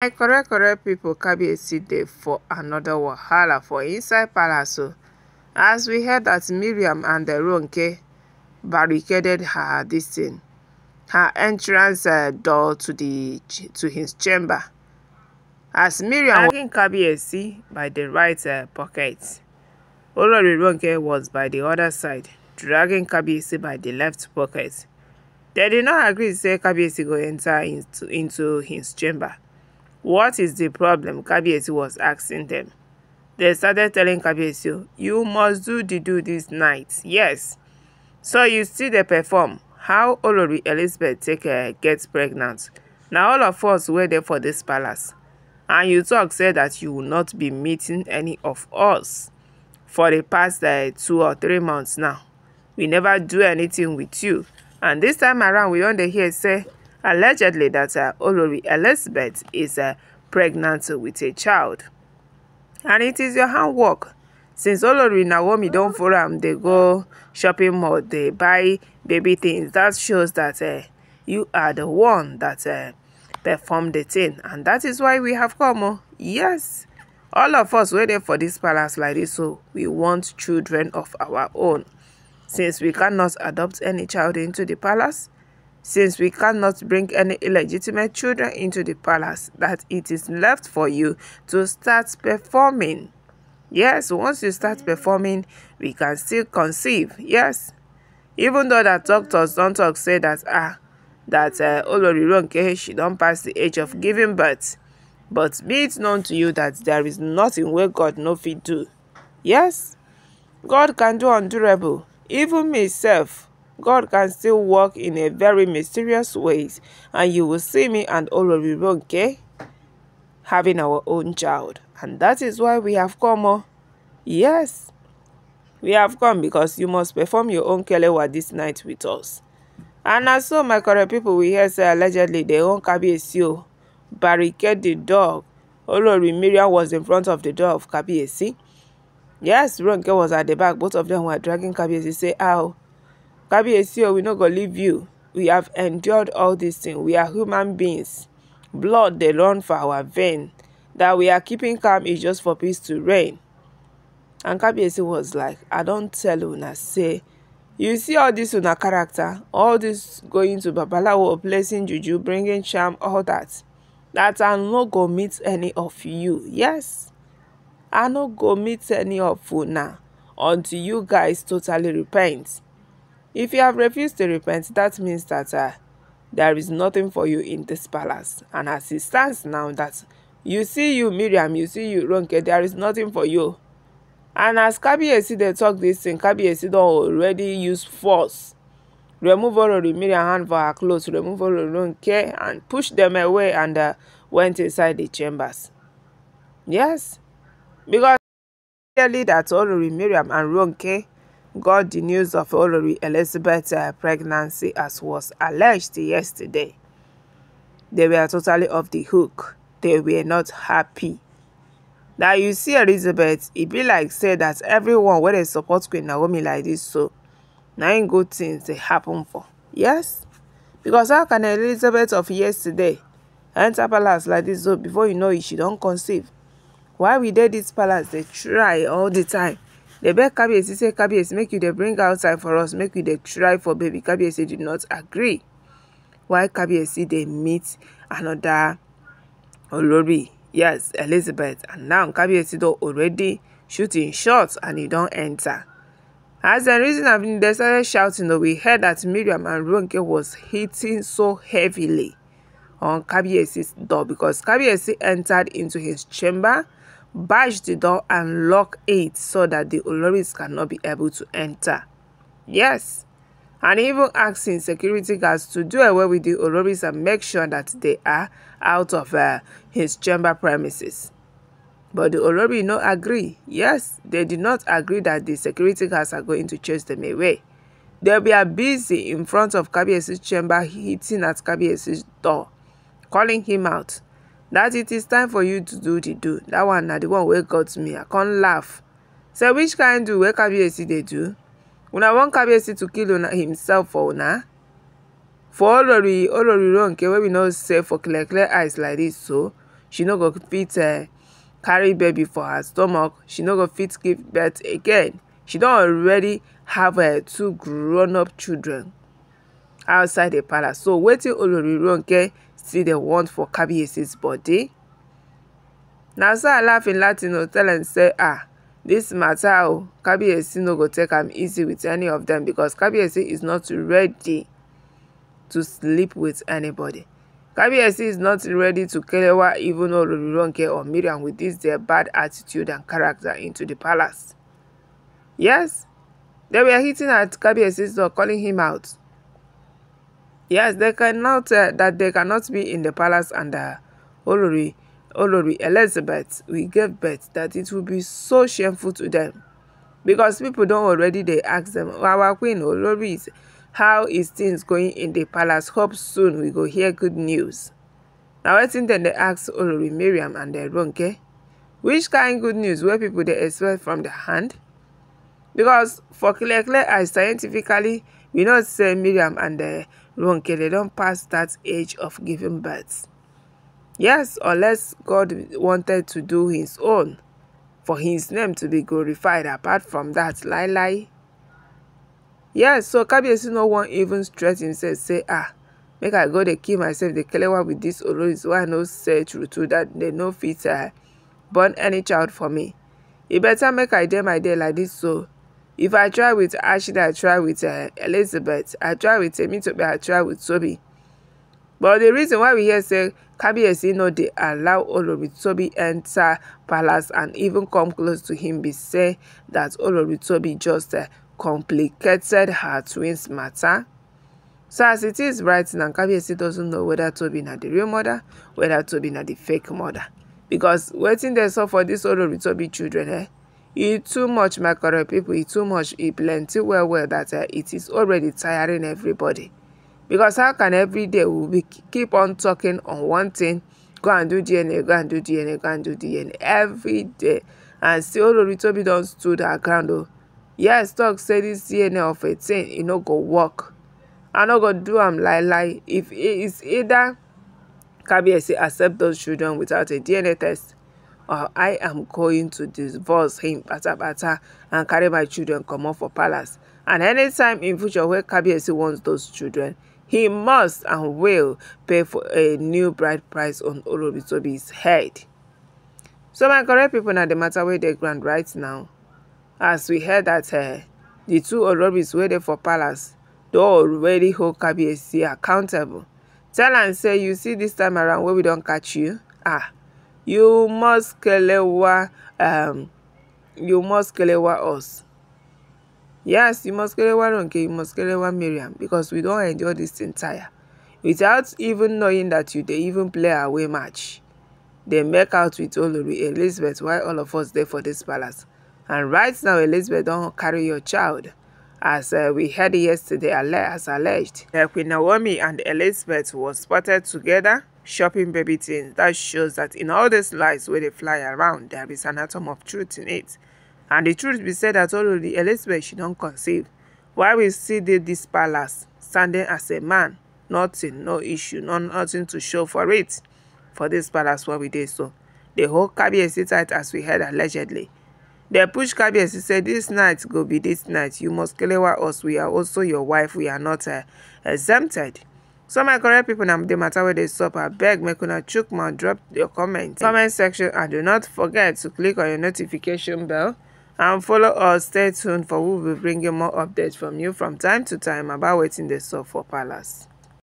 my correct correct pipo kabiyesi dey for anoda wahala for inside palace o oh. as we heard that Miriam and Ronke barricaded her this in her entrance uh, door to the to his chamber as Mariam hugging kabiyesi by the right uh, pocket Olori Ronke was by the other side dragging kabiyesi by the left pocket they did not agree say kabiyesi go enter into into his chamber what is the problem? Kabiesi was asking them. They started telling Kabiesi, you must do the do this night. Yes. So you see they perform. How Olori Elizabeth take uh, eh, gets pregnant. Now all of us were there for this palace. And you talk say that you will not be meeting any of us for the past uh, two or three months now. We never do anything with you. And this time around, we only hear say, allegedly that uh, Olori Elizabeth is uh, pregnant with a child. And it is your handwork. Since Olori Naomi don't follow them. They go shopping mall they buy baby things, that shows that uh, you are the one that uh, perform the thing. And that is why we have come. Oh. Yes, all of us waiting for this palace like this, so we want children of our own. Since we cannot adopt any child into the palace, since we cannot bring any illegitimate children into the palace, that it is left for you to start performing. Yes, once you start performing, we can still conceive. Yes. Even though that doctors don't talk say that ah that uh, Olorironke she don't pass the age of giving birth. But be it known to you that there is nothing where God no fit do. Yes, God can do undurable. Even myself, God can still work in a very mysterious ways and you will see me and Olorironke having our own child. And that is why we have come. Oh, yes, we have come because you must perform your own kelewa this night with us. And as so my current people we hear say allegedly they own Kabiesi o oh, barricade the dog. Olori Mariam was in front of the door of Kabiesi. Yes, Ronke was at the back. Both of them were dragging Kabiesi say, ow. Oh, Kabiyesi, we no go leave you. We have endured all these things. We are human beings. Blood the run for our vein. That we are keeping calm is just for peace to reign. And Kabiyesi was like, I don't tell una say, you see all this una character, all this going to Babalawo, placing juju, bringing charm, all that. That I no go meet any of you. Yes, I no go meet any of una until you guys totally repent. If you have refused to repent, that means that uh, there is nothing for you in this palace. And as it stands now, that you see you, Miriam, you see you, Ronke, there is nothing for you. And as Kabiesi they talk this thing, don't already use force. Remove the Miriam hand for her clothes, remove all the Ronke, and push them away and uh, went inside the chambers. Yes, because clearly all the Miriam and Ronke got the news of Olori Elizabeth's uh, pregnancy as was alleged yesterday. They were totally off the hook. They were not happy. Now you see Elizabeth, it be like say that everyone wey dey support Queen Naomi like this so, nine good things they happen for. Yes? Because how can Elizabeth of yesterday enter palace like this so before you know it, she don't conceive? Why we did this palace They try all the time? dey beg kabiyesi say kabiyesi make you dey bring outside for us make we dey try for baby kabiyesi did not agree while kabiyesi dey meet another olori yes elizabeth and now kabiyesi don already shoot im shot and he don enter. as dem reason am dem started shouting oh we heard that miriam and ronke was hitting so heavily on kabiyesi's door because kabiyesi entered into his chamber bash the door and lock it so that the Oloris cannot be able to enter. Yes, and even asking security guards to do away with the Oloris and make sure that they are out of uh, his chamber premises. But the Olori no agree. Yes, they did not agree that the security guards are going to chase them away. They be busy in front of Kabiesi's chamber hitting at Kabiesi's door, calling him out that it is time for you to do the do that one na the one wake up to me i can't laugh say which kind do wake up? wey see they do When una wan KBC to kill una himself for una for olori oloriro nke wey we not say for clear clear eyes like this so she no go fit uh, carry baby for her stomach she no go fit give birth again she don't already have uh, two grown up children outside the palace so wetin olori ronke still dey want for kabiyesi's body na so alaafin latino tell am say ah this matter o oh, kabiyesi no go take am easy with any of them because kabiyesi is not ready to sleep with anybody kabiyesi is not ready to kelewa even oloruronke or Miriam with this their bad attitude and character into the palace yes they were hitting at kabiyesi's door calling him out Yes, they cannot uh, that they cannot be in the palace and uh, Olori Olori Elizabeth we gave birth that it will be so shameful to them because people don't already they ask them our queen Olori how is things going in the palace hope soon we go hear good news Now I think then they ask Olori Miriam and their Ronke which kind good news wey people they expect from the hand because for clear clear scientifically we know say Miriam and the. Uh, Ronke, they don't pass that age of giving birth. Yes, unless God wanted to do his own for his name to be glorified apart from that, lie lie. Yes, so Kabiyesi no one even stress himself say, ah, make I go dey kill myself dey one with this Olori so I no say true true that they no fit uh, born any child for me. E better make I dey my day like this so If I try with Ashida, I try with uh, Elizabeth, I try with Temitope, I try with Toby. But the reason why we hear say Kabiyesi no they allow Olori enter palace and even come close to him be say that Olori just uh, complicated her twins matter. So as it is right now, Kabiyesi doesn't know whether Toby na the real mother, whether Toby na the fake mother. Because waiting there sup for dis Olori children eh? e too much my current people e too much e plenty well well that uh, it is already tiring everybody because how can every day we we'll keep on talking on one thing go and do dna go and do dna go and do dna every day and still oloritobi don stood her ground o oh. yes talk say this dna of a thing e no go work i no go do am lie lie if it is either kabiyesi accept those children without a dna test or I am going to divorce him patapata and carry my children come comot for palace. And anytime in future where Kabiyesi wants those children, he must and will pay for a new bride price on Oloritobi's head. So my correct people na the matter where dey ground right now. As we heard that uh, eh, di two Oloribis wey dey for palace they already hold Kabiyesi accountable. Tell and say you see this time around where we don't catch you, ah You must kelewa um you must kelewa us. Yes, you must kelewa Ronke, you must kelewa Miriam because we don't endure this entire. Without even knowing that you they even play away match. They make out with Olori Elizabeth Why all of us there for this palace. And right now Elizabeth don't carry your child as uh, we heard yesterday as alleged. Uh, Queen Naomi and Elizabeth were spotted together shopping baby things, that shows that in all these lies where they fly around, there is an atom of truth in it. And the truth be said that already Elizabeth she don't conceive. Why we see this palace standing as a man, nothing, no issue, no nothing to show for it. For this palace where we did so. The whole Kabiesi tight as we heard allegedly. They push Kabiesi said, this night go be this night. You must clear us. We are also your wife. We are not uh, exempted. so my correct people, na the matter wey dey sup abeg make una chook mouth drop your comment comment section and do not forget to click on your notification bell and follow us stay tuned for we will bring you more updates from you from time to time about wetin dey sup for palace